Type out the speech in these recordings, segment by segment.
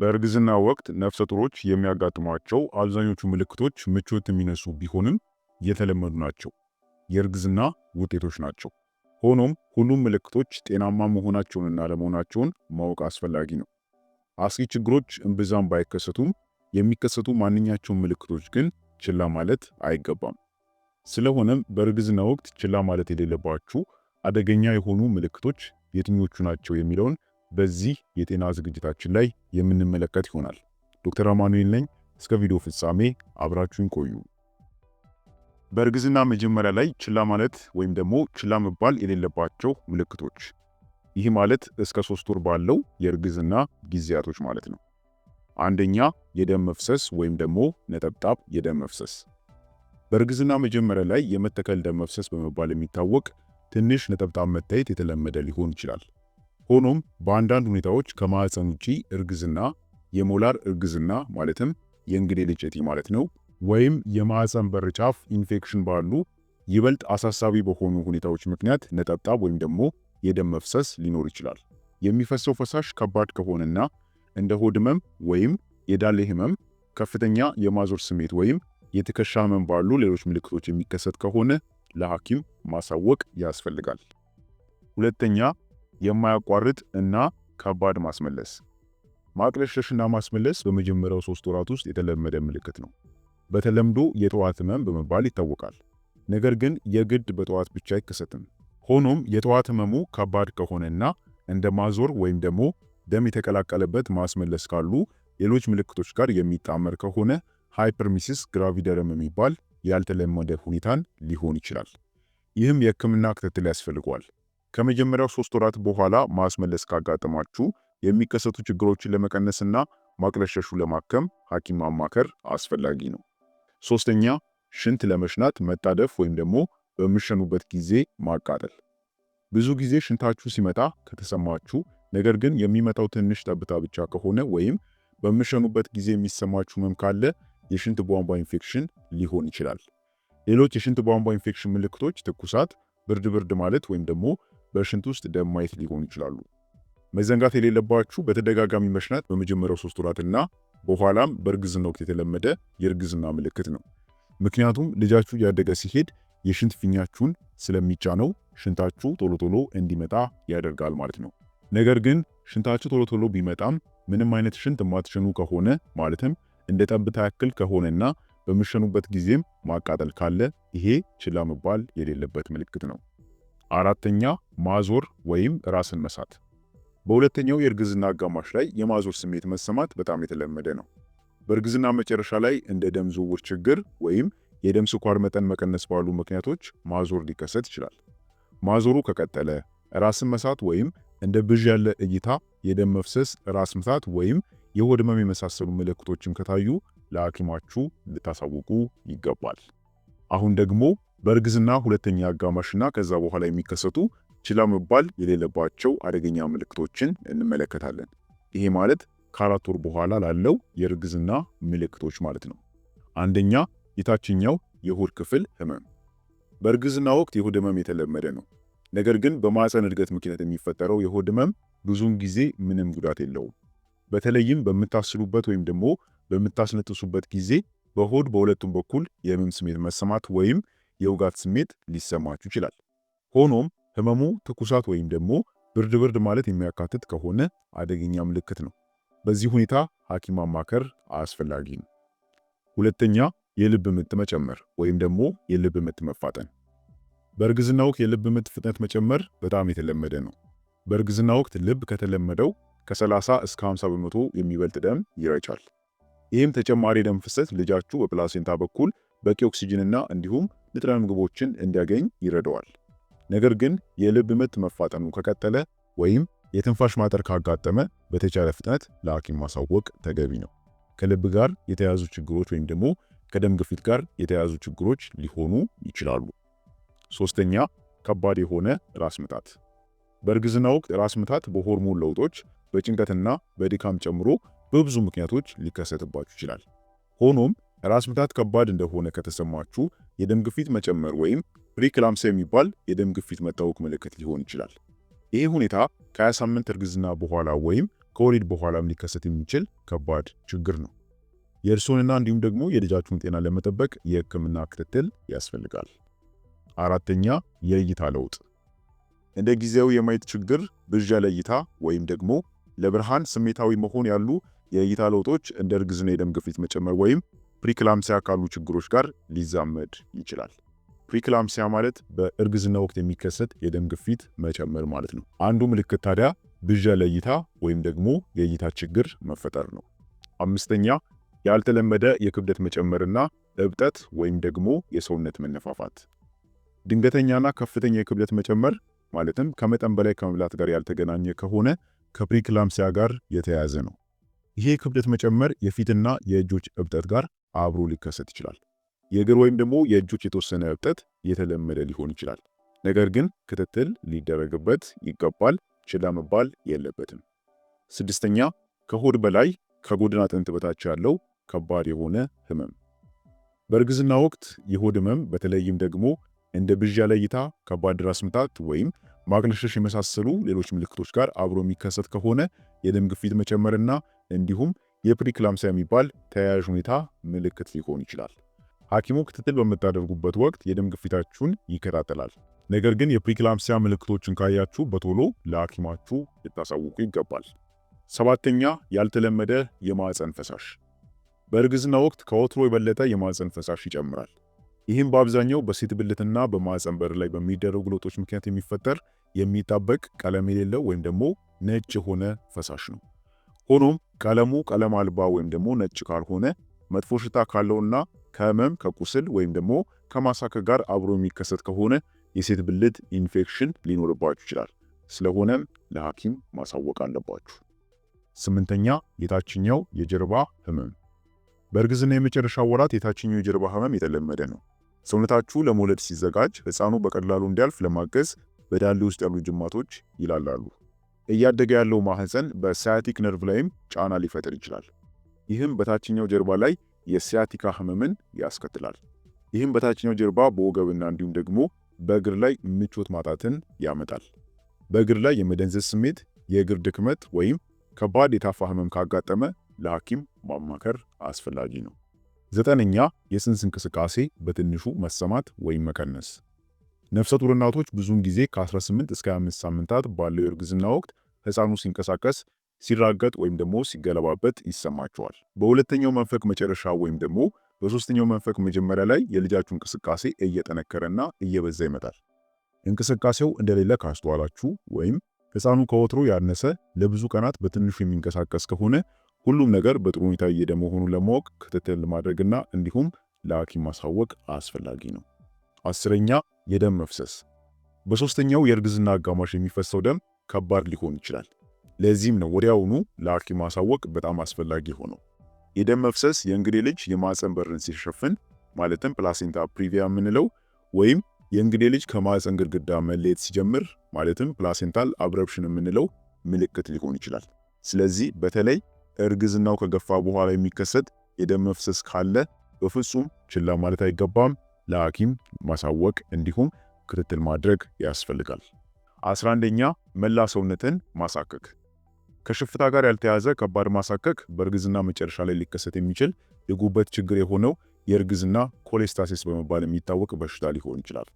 በእርግዝና ወቅት ነፍሰ ጡሮች የሚያጋጥሟቸው አብዛኞቹ ምልክቶች ምቾት የሚነሱ ቢሆንም የተለመዱ ናቸው፣ የእርግዝና ውጤቶች ናቸው። ሆኖም ሁሉም ምልክቶች ጤናማ መሆናቸውንና ለመሆናቸውን ማወቅ አስፈላጊ ነው። አስጊ ችግሮች እምብዛም ባይከሰቱም የሚከሰቱ ማንኛቸውን ምልክቶች ግን ችላ ማለት አይገባም። ስለሆነም በእርግዝና ወቅት ችላ ማለት የሌለባችሁ አደገኛ የሆኑ ምልክቶች የትኞቹ ናቸው የሚለውን በዚህ የጤና ዝግጅታችን ላይ የምንመለከት ይሆናል። ዶክተር አማኑኤል ነኝ። እስከ ቪዲዮ ፍጻሜ አብራችሁን ቆዩ። በእርግዝና መጀመሪያ ላይ ችላ ማለት ወይም ደግሞ ችላ መባል የሌለባቸው ምልክቶች፣ ይህ ማለት እስከ ሶስት ወር ባለው የእርግዝና ጊዜያቶች ማለት ነው። አንደኛ የደም መፍሰስ ወይም ደግሞ ነጠብጣብ የደም መፍሰስ በእርግዝና መጀመሪያ ላይ የመተከል ደም መፍሰስ በመባል የሚታወቅ ትንሽ ነጠብጣብ መታየት የተለመደ ሊሆን ይችላል። ሆኖም በአንዳንድ ሁኔታዎች ከማህፀን ውጪ እርግዝና የሞላር እርግዝና ማለትም የእንግዴ ልጅ እጢ ማለት ነው ወይም የማህፀን በር ጫፍ ኢንፌክሽን ባሉ ይበልጥ አሳሳቢ በሆኑ ሁኔታዎች ምክንያት ነጠብጣብ ወይም ደግሞ የደም መፍሰስ ሊኖር ይችላል። የሚፈሰው ፈሳሽ ከባድ ከሆነና እንደ ሆድ ህመም ወይም የዳሌ ህመም፣ ከፍተኛ የማዞር ስሜት ወይም የትከሻ ህመም ባሉ ሌሎች ምልክቶች የሚከሰት ከሆነ ለሐኪም ማሳወቅ ያስፈልጋል። ሁለተኛ የማያቋርጥ እና ከባድ ማስመለስ። ማቅለሽለሽና ማስመለስ በመጀመሪያው ሶስት ወራት ውስጥ የተለመደ ምልክት ነው። በተለምዶ የጠዋት ህመም በመባል ይታወቃል። ነገር ግን የግድ በጠዋት ብቻ አይከሰትም። ሆኖም የጠዋት ህመሙ ከባድ ከሆነና እንደ ማዞር ወይም ደግሞ ደም የተቀላቀለበት ማስመለስ ካሉ ሌሎች ምልክቶች ጋር የሚጣመር ከሆነ ሃይፐርሚሲስ ግራቪደረም የሚባል ያልተለመደ ሁኔታን ሊሆን ይችላል። ይህም የህክምና ክትትል ያስፈልገዋል። ከመጀመሪያው ሶስት ወራት በኋላ ማስመለስ ካጋጠማችሁ የሚከሰቱ ችግሮችን ለመቀነስና ማቅለሸሹ ለማከም ሐኪም ማማከር አስፈላጊ ነው። ሶስተኛ ሽንት ለመሽናት መጣደፍ ወይም ደግሞ በምሸኑበት ጊዜ ማቃጠል። ብዙ ጊዜ ሽንታችሁ ሲመጣ ከተሰማችሁ ነገር ግን የሚመጣው ትንሽ ጠብታ ብቻ ከሆነ ወይም በምሸኑበት ጊዜ የሚሰማችሁ ህመም ካለ የሽንት ቧንቧ ኢንፌክሽን ሊሆን ይችላል። ሌሎች የሽንት ቧንቧ ኢንፌክሽን ምልክቶች ትኩሳት፣ ብርድ ብርድ ማለት ወይም ደግሞ በሽንት ውስጥ ደም ማየት ሊሆኑ ይችላሉ። መዘንጋት የሌለባችሁ በተደጋጋሚ መሽናት በመጀመሪያው ሶስት ወራትና በኋላም በእርግዝና ወቅት የተለመደ የእርግዝና ምልክት ነው። ምክንያቱም ልጃችሁ እያደገ ሲሄድ የሽንት ፊኛችሁን ስለሚጫነው ሽንታችሁ ቶሎ ቶሎ እንዲመጣ ያደርጋል ማለት ነው። ነገር ግን ሽንታችሁ ቶሎ ቶሎ ቢመጣም ምንም አይነት ሽንት የማትሸኑ ከሆነ ማለትም እንደ ጠብታ ያክል ከሆነና በምሸኑበት ጊዜም ማቃጠል ካለ ይሄ ችላ መባል የሌለበት ምልክት ነው። አራተኛ ማዞር ወይም ራስን መሳት። በሁለተኛው የእርግዝና አጋማሽ ላይ የማዞር ስሜት መሰማት በጣም የተለመደ ነው። በእርግዝና መጨረሻ ላይ እንደ ደም ዝውውር ችግር ወይም የደም ስኳር መጠን መቀነስ ባሉ ምክንያቶች ማዞር ሊከሰት ይችላል። ማዞሩ ከቀጠለ ራስን መሳት ወይም እንደ ብዥ ያለ እይታ፣ የደም መፍሰስ፣ ራስ ምታት ወይም የሆድ ህመም የመሳሰሉ ምልክቶችም ከታዩ ለሐኪማችሁ ልታሳውቁ ይገባል። አሁን ደግሞ በእርግዝና ሁለተኛ አጋማሽና ከዛ በኋላ የሚከሰቱ ችላ መባል የሌለባቸው አደገኛ ምልክቶችን እንመለከታለን። ይሄ ማለት ከአራት ወር በኋላ ላለው የእርግዝና ምልክቶች ማለት ነው። አንደኛ የታችኛው የሆድ ክፍል ህመም። በእርግዝና ወቅት የሆድ ህመም የተለመደ ነው። ነገር ግን በማህፀን እድገት ምክንያት የሚፈጠረው የሆድ ህመም ብዙውን ጊዜ ምንም ጉዳት የለውም። በተለይም በምታስሉበት ወይም ደግሞ በምታስነጥሱበት ጊዜ በሆድ በሁለቱም በኩል የህመም ስሜት መሰማት ወይም የውጋት ስሜት ሊሰማችሁ ይችላል። ሆኖም ህመሙ ትኩሳት ወይም ደግሞ ብርድ ብርድ ማለት የሚያካትት ከሆነ አደገኛ ምልክት ነው። በዚህ ሁኔታ ሐኪም ማማከር አስፈላጊ ነው። ሁለተኛ የልብ ምት መጨመር ወይም ደግሞ የልብ ምት መፋጠን። በእርግዝና ወቅት የልብ ምት ፍጥነት መጨመር በጣም የተለመደ ነው። በእርግዝና ወቅት ልብ ከተለመደው ከ30 እስከ 50 በመቶ የሚበልጥ ደም ይረጫል። ይህም ተጨማሪ ደም ፍሰት ልጃችሁ በፕላሴንታ በኩል በቂ ኦክሲጅንና እንዲሁም ንጥረ ምግቦችን እንዲያገኝ ይረዳዋል። ነገር ግን የልብ ምት መፋጠኑ ከቀጠለ ወይም የትንፋሽ ማጠር ካጋጠመ በተቻለ ፍጥነት ለሐኪም ማሳወቅ ተገቢ ነው። ከልብ ጋር የተያያዙ ችግሮች ወይም ደግሞ ከደም ግፊት ጋር የተያያዙ ችግሮች ሊሆኑ ይችላሉ። ሶስተኛ ከባድ የሆነ ራስ ምታት። በእርግዝና ወቅት ራስ ምታት በሆርሞን ለውጦች፣ በጭንቀትና በድካም ጨምሮ በብዙ ምክንያቶች ሊከሰትባችሁ ይችላል። ሆኖም ራስ ምታት ከባድ እንደሆነ ከተሰማችሁ የደም ግፊት መጨመር ወይም ፕሪክላምሲያ የሚባል የደም ግፊት መታወክ ምልክት ሊሆን ይችላል። ይህ ሁኔታ ከ20 ሳምንት እርግዝና በኋላ ወይም ከወሊድ በኋላም ሊከሰት የሚችል ከባድ ችግር ነው። የእርስዎንና እንዲሁም ደግሞ የልጃችሁን ጤና ለመጠበቅ የህክምና ክትትል ያስፈልጋል። አራተኛ የእይታ ለውጥ። እንደ ጊዜያዊ የማየት ችግር፣ ብዥ ያለ እይታ ወይም ደግሞ ለብርሃን ስሜታዊ መሆን ያሉ የእይታ ለውጦች እንደ እርግዝና የደም ግፊት መጨመር ወይም ፕሪክላምሲያ ካሉ ችግሮች ጋር ሊዛመድ ይችላል። ፕሪክላምሲያ ማለት በእርግዝና ወቅት የሚከሰት የደም ግፊት መጨመር ማለት ነው። አንዱ ምልክት ታዲያ ብዣ ለእይታ ወይም ደግሞ የእይታ ችግር መፈጠር ነው። አምስተኛ ያልተለመደ የክብደት መጨመርና እብጠት ወይም ደግሞ የሰውነት መነፋፋት። ድንገተኛና ከፍተኛ የክብደት መጨመር ማለትም ከመጠን በላይ ከመብላት ጋር ያልተገናኘ ከሆነ ከፕሪክላምሲያ ጋር የተያያዘ ነው። ይሄ የክብደት መጨመር የፊትና የእጆች እብጠት ጋር አብሮ ሊከሰት ይችላል። የእግር ወይም ደግሞ የእጆች የተወሰነ እብጠት የተለመደ ሊሆን ይችላል። ነገር ግን ክትትል ሊደረግበት ይገባል። ችላ መባል የለበትም። ስድስተኛ ከሆድ በላይ ከጎድን አጥንት በታች ያለው ከባድ የሆነ ህመም። በእርግዝና ወቅት የሆድ ህመም በተለይም ደግሞ እንደ ብዣ ለይታ፣ እይታ፣ ከባድ ራስ ምታት ወይም ማቅለሽለሽ የመሳሰሉ ሌሎች ምልክቶች ጋር አብሮ የሚከሰት ከሆነ የደም ግፊት መጨመርና እንዲሁም የፕሪክላምሲያ የሚባል ተያያዥ ሁኔታ ምልክት ሊሆን ይችላል። ሐኪሙ ክትትል በምታደርጉበት ወቅት የደም ግፊታችሁን ይከታተላል። ነገር ግን የፕሪክላምሲያ ምልክቶችን ካያችሁ በቶሎ ለሐኪማችሁ ልታሳውቁ ይገባል። ሰባተኛ ያልተለመደ የማዕፀን ፈሳሽ። በእርግዝና ወቅት ከወትሮ የበለጠ የማዕፀን ፈሳሽ ይጨምራል። ይህም በአብዛኛው በሴት ብልትና በማዕፀን በር ላይ በሚደረጉ ለውጦች ምክንያት የሚፈጠር የሚጣበቅ ቀለም የሌለው ወይም ደግሞ ነጭ የሆነ ፈሳሽ ነው። ሆኖም ቀለሙ ቀለም አልባ ወይም ደግሞ ነጭ ካልሆነ መጥፎ ሽታ ካለውና ከህመም ከቁስል ወይም ደግሞ ከማሳከ ጋር አብሮ የሚከሰት ከሆነ የሴት ብልት ኢንፌክሽን ሊኖርባችሁ ይችላል። ስለሆነም ለሐኪም ማሳወቅ አለባችሁ። ስምንተኛ የታችኛው የጀርባ ህመም። በእርግዝና የመጨረሻ ወራት የታችኛው የጀርባ ህመም የተለመደ ነው። ሰውነታችሁ ለመውለድ ሲዘጋጅ ህፃኑ በቀላሉ እንዲያልፍ ለማገዝ በዳሌ ውስጥ ያሉ ጅማቶች ይላላሉ። እያደገ ያለው ማህፀን በሳያቲክ ነርቭ ላይም ጫና ሊፈጥር ይችላል። ይህም በታችኛው ጀርባ ላይ የሲያቲካ ህመምን ያስከትላል። ይህም በታችኛው ጀርባ በወገብና እንዲሁም ደግሞ በእግር ላይ ምቾት ማጣትን ያመጣል። በእግር ላይ የመደንዘዝ ስሜት፣ የእግር ድክመት ወይም ከባድ የታፋ ህመም ካጋጠመ ለሐኪም ማማከር አስፈላጊ ነው። ዘጠነኛ የፅንስ እንቅስቃሴ በትንሹ መሰማት ወይም መቀነስ ነፍሰ ጡር እናቶች ብዙውን ጊዜ ከ18 እስከ 25 ሳምንታት ባለው የእርግዝና ወቅት ህፃኑ ሲንቀሳቀስ፣ ሲራገጥ ወይም ደግሞ ሲገለባበት ይሰማቸዋል። በሁለተኛው መንፈቅ መጨረሻ ወይም ደግሞ በሶስተኛው መንፈቅ መጀመሪያ ላይ የልጃችሁ እንቅስቃሴ እየጠነከረና እየበዛ ይመጣል። እንቅስቃሴው እንደሌለ ካስተዋላችሁ ወይም ህፃኑ ከወትሮ ያነሰ ለብዙ ቀናት በትንሹ የሚንቀሳቀስ ከሆነ ሁሉም ነገር በጥሩ ሁኔታ እየሄደ መሆኑን ለማወቅ ክትትል ማድረግና እንዲሁም ለሐኪም ማሳወቅ አስፈላጊ ነው። አስረኛ የደም መፍሰስ። በሶስተኛው የእርግዝና አጋማሽ የሚፈሰው ደም ከባድ ሊሆን ይችላል። ለዚህም ነው ወዲያውኑ ለሐኪም ማሳወቅ በጣም አስፈላጊ ሆነው። የደም መፍሰስ የእንግዴ ልጅ የማህፀን በርን ሲሸፍን ማለትም ፕላሴንታ ፕሪቪያ የምንለው ወይም የእንግዴ ልጅ ከማህፀን ግድግዳ መለየት ሲጀምር ማለትም ፕላሴንታል አብረፕሽን የምንለው ምልክት ሊሆን ይችላል። ስለዚህ በተለይ እርግዝናው ከገፋ በኋላ የሚከሰት የደም መፍሰስ ካለ በፍጹም ችላ ማለት አይገባም። ለሐኪም ማሳወቅ እንዲሁም ክትትል ማድረግ ያስፈልጋል። 11ኛ መላ ሰውነትን ማሳከክ። ከሽፍታ ጋር ያልተያዘ ከባድ ማሳከክ በእርግዝና መጨረሻ ላይ ሊከሰት የሚችል የጉበት ችግር የሆነው የእርግዝና ኮሌስታሲስ በመባል የሚታወቅ በሽታ ሊሆን ይችላል።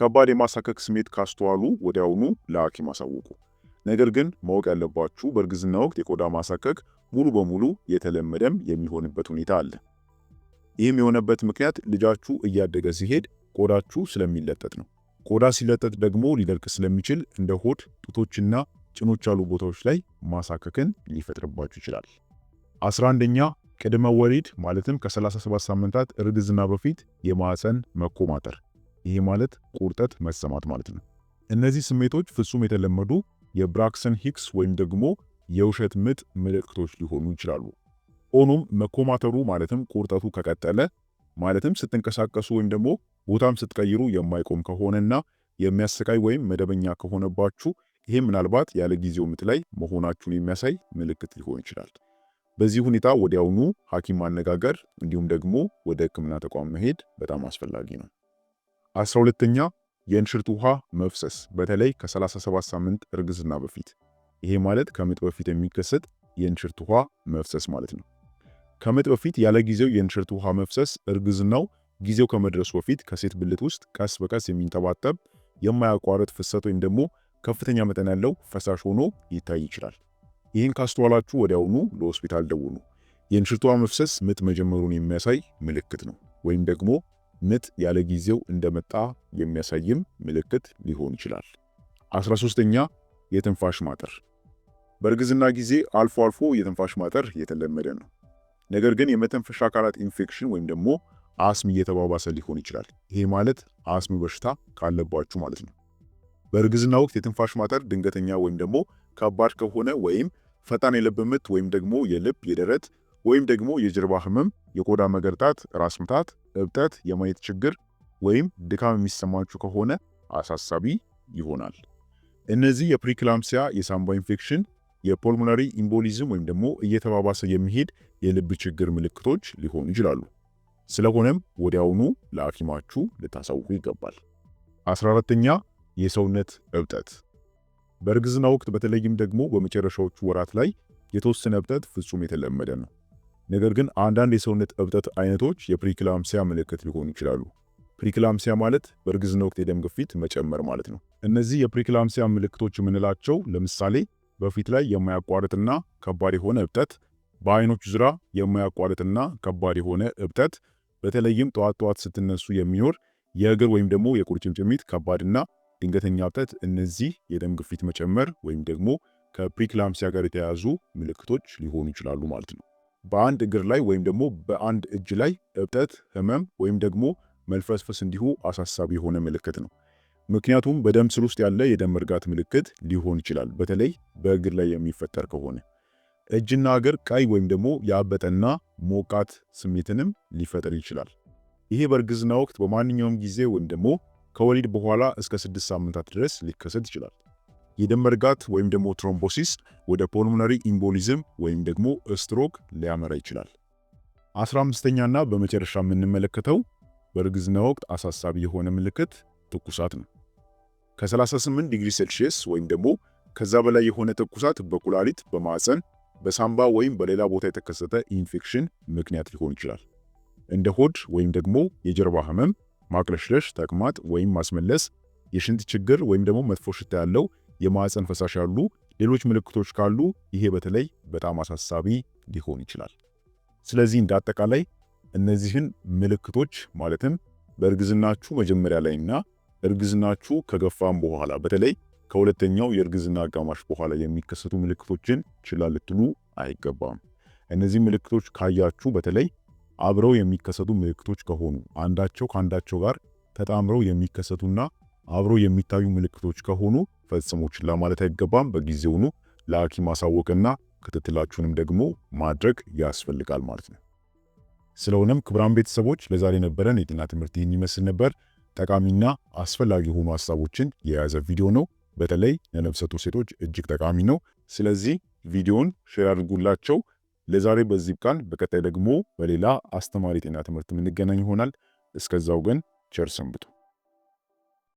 ከባድ የማሳከክ ስሜት ካስተዋሉ ወዲያውኑ ለሐኪም አሳውቁ። ነገር ግን ማወቅ ያለባችሁ በእርግዝና ወቅት የቆዳ ማሳከክ ሙሉ በሙሉ የተለመደም የሚሆንበት ሁኔታ አለ። ይህም የሆነበት ምክንያት ልጃችሁ እያደገ ሲሄድ ቆዳችሁ ስለሚለጠጥ ነው። ቆዳ ሲለጠጥ ደግሞ ሊደርቅ ስለሚችል እንደ ሆድ፣ ጡቶችና ጭኖች ያሉ ቦታዎች ላይ ማሳከክን ሊፈጥርባችሁ ይችላል። 11ኛ ቅድመ ወሊድ ማለትም ከ37 ሳምንታት እርግዝና በፊት የማህፀን መኮማተር፣ ይህ ማለት ቁርጠት መሰማት ማለት ነው። እነዚህ ስሜቶች ፍጹም የተለመዱ የብራክሰን ሂክስ ወይም ደግሞ የውሸት ምጥ ምልክቶች ሊሆኑ ይችላሉ። ሆኖም መኮማተሩ ማለትም ቁርጠቱ ከቀጠለ ማለትም ስትንቀሳቀሱ ወይም ደግሞ ቦታም ስትቀይሩ የማይቆም ከሆነና የሚያሰቃይ ወይም መደበኛ ከሆነባችሁ ይህ ምናልባት ያለ ጊዜው ምት ላይ መሆናችሁን የሚያሳይ ምልክት ሊሆን ይችላል። በዚህ ሁኔታ ወዲያውኑ ሐኪም ማነጋገር እንዲሁም ደግሞ ወደ ሕክምና ተቋም መሄድ በጣም አስፈላጊ ነው። አስራ ሁለተኛ የእንሽርት ውሃ መፍሰስ በተለይ ከ37 ሳምንት እርግዝና በፊት ይሄ ማለት ከምጥ በፊት የሚከሰት የእንሽርት ውሃ መፍሰስ ማለት ነው። ከመጥ በፊት ያለ ጊዜው የእንሽርት ውሃ መፍሰስ እርግዝናው ጊዜው ከመድረሱ በፊት ከሴት ብልት ውስጥ ቀስ በቀስ የሚንጠባጠብ የማያቋርጥ ፍሰት ወይም ደግሞ ከፍተኛ መጠን ያለው ፈሳሽ ሆኖ ሊታይ ይችላል። ይህን ካስተዋላችሁ ወዲያውኑ ለሆስፒታል ደውሉ። የእንሽርት ውሃ መፍሰስ ምጥ መጀመሩን የሚያሳይ ምልክት ነው፣ ወይም ደግሞ ምጥ ያለ ጊዜው እንደመጣ የሚያሳይም ምልክት ሊሆን ይችላል። 13ኛ የትንፋሽ ማጠር። በእርግዝና ጊዜ አልፎ አልፎ የትንፋሽ ማጠር የተለመደ ነው። ነገር ግን የመተንፈሻ አካላት ኢንፌክሽን ወይም ደግሞ አስም እየተባባሰ ሊሆን ይችላል። ይሄ ማለት አስም በሽታ ካለባችሁ ማለት ነው። በእርግዝና ወቅት የትንፋሽ ማጠር ድንገተኛ ወይም ደግሞ ከባድ ከሆነ ወይም ፈጣን የልብ ምት ወይም ደግሞ የልብ የደረት ወይም ደግሞ የጀርባ ህመም፣ የቆዳ መገርጣት፣ ራስ ምታት፣ እብጠት፣ የማየት ችግር ወይም ድካም የሚሰማችሁ ከሆነ አሳሳቢ ይሆናል። እነዚህ የፕሪክላምሲያ የሳምባ ኢንፌክሽን የፖልሞናሪ ኢምቦሊዝም ወይም ደግሞ እየተባባሰ የሚሄድ የልብ ችግር ምልክቶች ሊሆኑ ይችላሉ። ስለሆነም ወዲያውኑ ለሐኪማችሁ ልታሳውቁ ይገባል። 14ተኛ የሰውነት እብጠት። በእርግዝና ወቅት በተለይም ደግሞ በመጨረሻዎቹ ወራት ላይ የተወሰነ እብጠት ፍጹም የተለመደ ነው። ነገር ግን አንዳንድ የሰውነት እብጠት አይነቶች የፕሪክላምሲያ ምልክት ሊሆኑ ይችላሉ። ፕሪክላምሲያ ማለት በእርግዝና ወቅት የደም ግፊት መጨመር ማለት ነው። እነዚህ የፕሪክላምሲያ ምልክቶች የምንላቸው ለምሳሌ በፊት ላይ የማያቋርጥና ከባድ የሆነ እብጠት፣ በአይኖች ዙሪያ የማያቋርጥና ከባድ የሆነ እብጠት፣ በተለይም ጠዋት ጠዋት ስትነሱ የሚኖር የእግር ወይም ደግሞ የቁርጭምጭሚት ከባድና ድንገተኛ እብጠት፣ እነዚህ የደም ግፊት መጨመር ወይም ደግሞ ከፕሪክላምሲያ ጋር የተያያዙ ምልክቶች ሊሆኑ ይችላሉ ማለት ነው። በአንድ እግር ላይ ወይም ደግሞ በአንድ እጅ ላይ እብጠት፣ ህመም ወይም ደግሞ መልፈስፈስ እንዲሁ አሳሳቢ የሆነ ምልክት ነው። ምክንያቱም በደም ስር ውስጥ ያለ የደም እርጋት ምልክት ሊሆን ይችላል፣ በተለይ በእግር ላይ የሚፈጠር ከሆነ። እጅና እግር ቀይ ወይም ደግሞ ያበጠና ሞቃት ስሜትንም ሊፈጥር ይችላል። ይሄ በእርግዝና ወቅት በማንኛውም ጊዜ ወይም ደግሞ ከወሊድ በኋላ እስከ ስድስት ሳምንታት ድረስ ሊከሰት ይችላል። የደም እርጋት ወይም ደግሞ ትሮምቦሲስ ወደ ፖልሞነሪ ኢምቦሊዝም ወይም ደግሞ ስትሮክ ሊያመራ ይችላል። አስራ አምስተኛና በመጨረሻ የምንመለከተው በእርግዝና ወቅት አሳሳቢ የሆነ ምልክት ትኩሳት ነው። ከ38 ዲግሪ ሴልሺየስ ወይም ደግሞ ከዛ በላይ የሆነ ትኩሳት በኩላሊት፣ በማዕፀን፣ በሳምባ ወይም በሌላ ቦታ የተከሰተ ኢንፌክሽን ምክንያት ሊሆን ይችላል። እንደ ሆድ ወይም ደግሞ የጀርባ ህመም፣ ማቅለሽለሽ፣ ተቅማጥ ወይም ማስመለስ፣ የሽንት ችግር ወይም ደግሞ መጥፎ ሽታ ያለው የማዕፀን ፈሳሽ ያሉ ሌሎች ምልክቶች ካሉ ይሄ በተለይ በጣም አሳሳቢ ሊሆን ይችላል። ስለዚህ እንደ አጠቃላይ እነዚህን ምልክቶች ማለትም በእርግዝናችሁ መጀመሪያ ላይና እርግዝናችሁ ከገፋም በኋላ በተለይ ከሁለተኛው የእርግዝና አጋማሽ በኋላ የሚከሰቱ ምልክቶችን ችላ ልትሉ አይገባም። እነዚህ ምልክቶች ካያችሁ በተለይ አብረው የሚከሰቱ ምልክቶች ከሆኑ አንዳቸው ከአንዳቸው ጋር ተጣምረው የሚከሰቱና አብረው የሚታዩ ምልክቶች ከሆኑ ፈጽሞ ችላ ማለት አይገባም። በጊዜውኑ ለሐኪም ማሳወቅና ክትትላችሁንም ደግሞ ማድረግ ያስፈልጋል ማለት ነው። ስለሆነም ክቡራን ቤተሰቦች ለዛሬ ነበረን የጤና ትምህርት ይህን ይመስል ነበር። ጠቃሚና አስፈላጊ የሆኑ ሀሳቦችን የያዘ ቪዲዮ ነው። በተለይ ለነፍሰ ጡር ሴቶች እጅግ ጠቃሚ ነው። ስለዚህ ቪዲዮን ሼር አድርጉላቸው። ለዛሬ በዚህ ቃል፣ በቀጣይ ደግሞ በሌላ አስተማሪ ጤና ትምህርት የምንገናኝ ይሆናል። እስከዛው ግን ቸር ሰንብቱ።